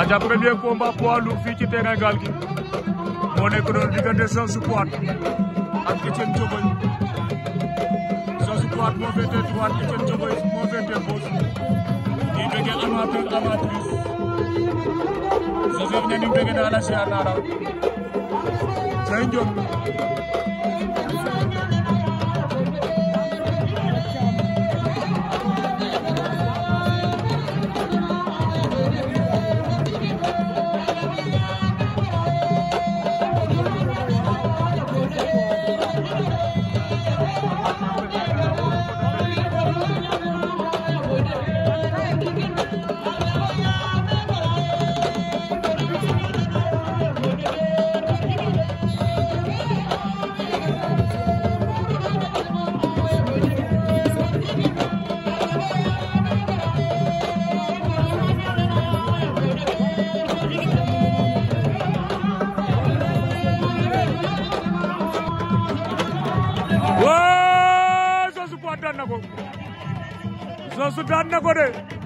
aja premier combat poids lourd fii ci terrain Gaal gui moo nekk noonu diggante Soosu Poite ak Etienne Dioboy moo féetee droite Etienne Dioboy moo féetee gauche di bëggee amateur ne ni bëggee naa la siyaar naa daan na ko Zosu daan na ko de